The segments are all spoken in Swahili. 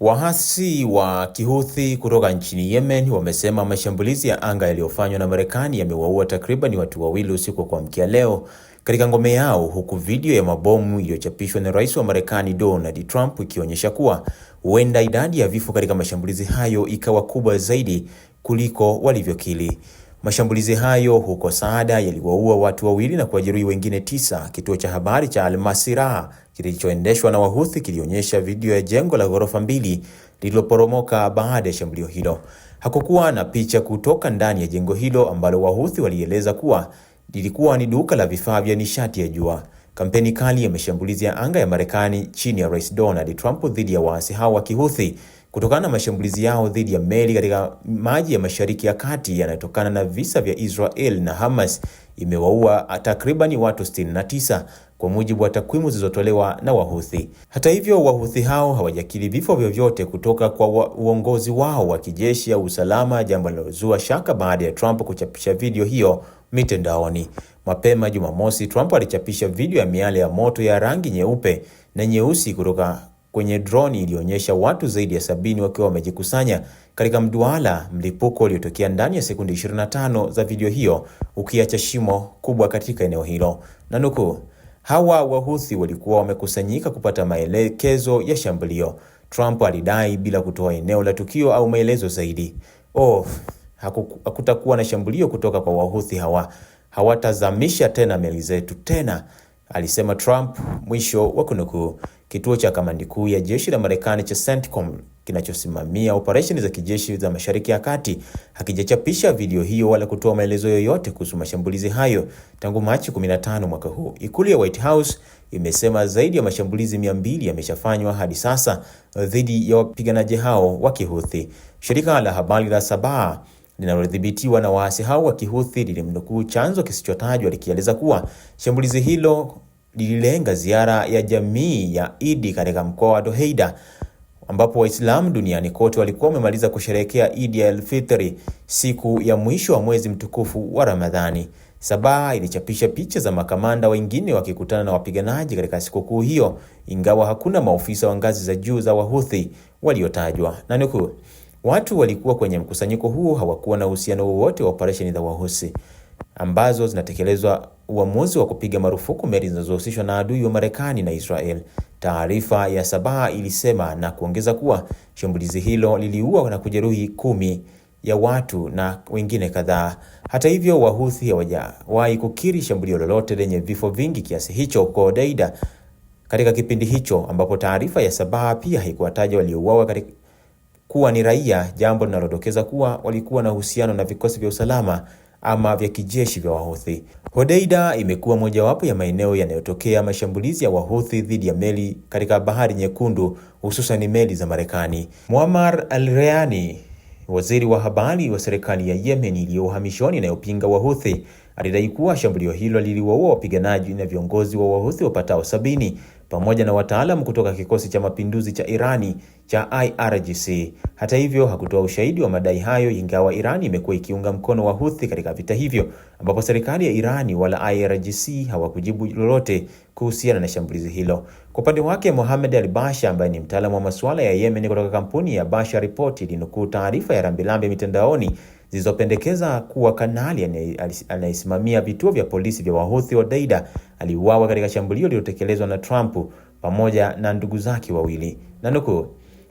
Waasi wa Kihuthi kutoka nchini Yemen wamesema mashambulizi ya anga yaliyofanywa na Marekani yamewaua takriban watu wawili usiku wa kuamkia leo katika ngome yao, huku video ya mabomu iliyochapishwa na Rais wa Marekani Donald Trump ikionyesha kuwa huenda idadi ya vifo katika mashambulizi hayo ikawa kubwa zaidi kuliko walivyokili. Mashambulizi hayo huko Saada yaliwaua watu wawili na kuwajeruhi wengine tisa. Kituo cha habari cha al kilichoendeshwa na Wahuthi kilionyesha video ya jengo la ghorofa mbili lililoporomoka baada ya shambulio hilo. Hakukuwa na picha kutoka ndani ya jengo hilo ambalo Wahuthi walieleza kuwa lilikuwa ni duka la vifaa vya nishati ya jua. Kampeni kali ya mashambulizi ya anga ya Marekani chini ya Rais Donald Trump dhidi ya waasi hao wa Kihuthi kutokana na mashambulizi yao dhidi ya meli katika maji ya Mashariki ya Kati yanayotokana na visa vya Israel na Hamas imewaua takribani watu 69 kwa mujibu wa takwimu zilizotolewa na Wahuthi. Hata hivyo, Wahuthi hao hawajakiri vifo vyovyote kutoka kwa wa uongozi wao wa kijeshi au usalama, jambo linalozua shaka baada ya Trump kuchapisha video hiyo mitandaoni. Mapema Jumamosi, Trump alichapisha video ya miale ya moto ya rangi nyeupe na nyeusi kutoka kwenye droni iliyoonyesha watu zaidi ya sabini wakiwa wamejikusanya katika mduara, mlipuko uliotokea ndani ya sekunde 25 za video hiyo ukiacha shimo kubwa katika eneo hilo, na nukuu, hawa Wahuthi walikuwa wamekusanyika kupata maelekezo ya shambulio, Trump alidai bila kutoa eneo la tukio au maelezo zaidi. Oh, hakutakuwa na shambulio kutoka kwa Wahuthi hawa, hawatazamisha tena meli zetu tena, alisema Trump, mwisho wa kunukuu. Kituo cha kamandi kuu ya jeshi la Marekani cha CENTCOM kinachosimamia operesheni za kijeshi za Mashariki ya Kati hakijachapisha video hiyo wala kutoa maelezo yoyote kuhusu mashambulizi hayo tangu Machi 15 mwaka huu. Ikulu ya White House imesema zaidi ya mashambulizi 200 yameshafanywa hadi sasa dhidi ya wapiganaji hao wa Kihuthi. Shirika la habari la Sabah linalodhibitiwa na waasi hao wa Kihuthi lilimnukuu chanzo kisichotajwa likieleza kuwa shambulizi hilo lililenga ziara ya jamii ya Idi katika mkoa wa Doheida ambapo Waislamu duniani kote walikuwa wamemaliza kusherehekea Idi ya Elfitri, siku ya mwisho wa mwezi mtukufu wa Ramadhani. Sabaha ilichapisha picha za makamanda wengine wakikutana na wapiganaji katika sikukuu hiyo, ingawa hakuna maofisa wa ngazi za juu za Wahuthi waliotajwa. Nanukuu, watu walikuwa kwenye mkusanyiko huo hawakuwa na uhusiano wowote wa operesheni za Wahusi ambazo zinatekelezwa uamuzi wa kupiga marufuku meli zinazohusishwa na adui wa Marekani na Israel, taarifa ya sabaha ilisema na kuongeza kuwa shambulizi hilo liliua na kujeruhi kumi ya watu na wengine kadhaa. Hata hivyo, Wahuthi hawajawahi kukiri shambulio lolote lenye vifo vingi kiasi hicho huko Hodeida katika kipindi hicho, ambapo taarifa ya sabaha pia haikuwataja waliouawa kuwa ni raia, jambo linalodokeza kuwa walikuwa na uhusiano na vikosi vya usalama ama vya kijeshi vya Wahuthi. Hodeida imekuwa mojawapo ya maeneo yanayotokea mashambulizi ya Wahuthi dhidi ya meli katika Bahari Nyekundu, hususan meli za Marekani. Muammar al-Rayani, waziri wa habari wa serikali ya Yemen iliyo uhamishoni inayopinga Wahuthi, alidai kuwa shambulio hilo liliwaua wapiganaji na viongozi wa Wahuthi wapatao sabini pamoja na wataalam kutoka kikosi cha mapinduzi cha Irani cha IRGC. Hata hivyo, hakutoa ushahidi wa madai hayo, ingawa Irani imekuwa ikiunga mkono Wahuthi katika vita hivyo, ambapo serikali ya Irani wala IRGC hawakujibu lolote kuhusiana na shambulizi hilo. Kwa upande wake, Mohamed Al-Basha ambaye ni mtaalamu wa masuala ya Yemen kutoka kampuni ya Basha Report ilinukuu taarifa ya rambirambi mitandaoni zilizopendekeza kuwa kanali anayesimamia vituo vya polisi vya Wahouthi wa Odeida aliuawa katika shambulio lililotekelezwa na Trump pamoja na ndugu zake wawili. Nanukuu,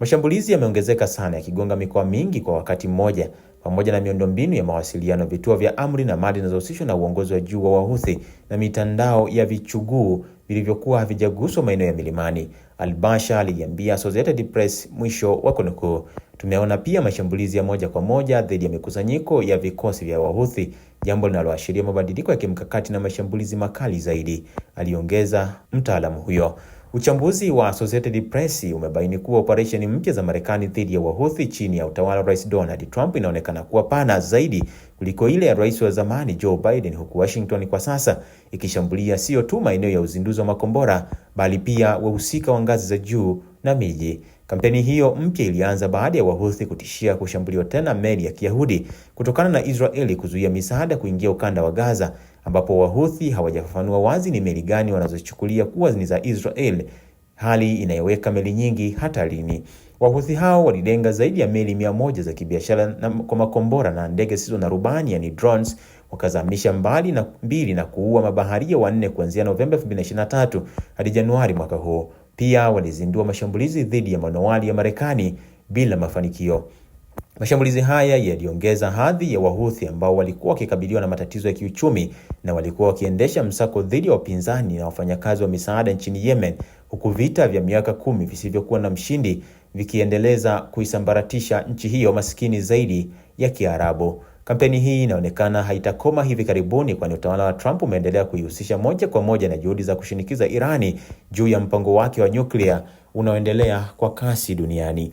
mashambulizi yameongezeka sana yakigonga mikoa mingi kwa wakati mmoja pamoja na miundombinu ya mawasiliano, vituo vya amri na mali zinazohusishwa na uongozi wa juu wa Wahuthi na mitandao ya vichuguu vilivyokuwa havijaguswa maeneo ya milimani, Albasha aliiambia Associated Press, mwisho wa kunukuu. Tumeona pia mashambulizi ya moja kwa moja dhidi ya mikusanyiko ya vikosi vya Wahuthi, jambo linaloashiria mabadiliko ya kimkakati na mashambulizi makali zaidi, aliongeza mtaalamu huyo. Uchambuzi wa Associated Press umebaini kuwa operesheni mpya za Marekani dhidi ya Wahuthi chini ya utawala wa Rais Donald Trump inaonekana kuwa pana zaidi kuliko ile ya Rais wa zamani Joe Biden, huku Washington kwa sasa ikishambulia sio tu maeneo ya uzinduzi wa makombora bali pia wahusika wa ngazi za juu na miji. Kampeni hiyo mpya ilianza baada ya Wahuthi kutishia kushambuliwa tena meli ya Kiyahudi kutokana na Israeli kuzuia misaada kuingia ukanda wa Gaza ambapo Wahuthi hawajafafanua wazi ni meli gani wanazochukulia kuwa ni za Israel, hali inayoweka meli nyingi hatarini. Wahuthi hao walilenga zaidi ya meli mia moja za kibiashara kwa makombora na ndege zisizo na rubani, yani drones, wakazamisha mbali na mbili na kuua mabaharia wanne kuanzia Novemba 2023 hadi Januari mwaka huo. Pia walizindua mashambulizi dhidi ya manowari ya Marekani bila mafanikio. Mashambulizi haya yaliongeza hadhi ya Wahuthi ambao walikuwa wakikabiliwa na matatizo ya kiuchumi na walikuwa wakiendesha msako dhidi ya wapinzani na wafanyakazi wa misaada nchini Yemen, huku vita vya miaka kumi visivyokuwa na mshindi vikiendeleza kuisambaratisha nchi hiyo maskini zaidi ya Kiarabu. Kampeni hii inaonekana haitakoma hivi karibuni, kwani utawala wa Trump umeendelea kuihusisha moja kwa moja na juhudi za kushinikiza Irani juu ya mpango wake wa nyuklia unaoendelea kwa kasi duniani.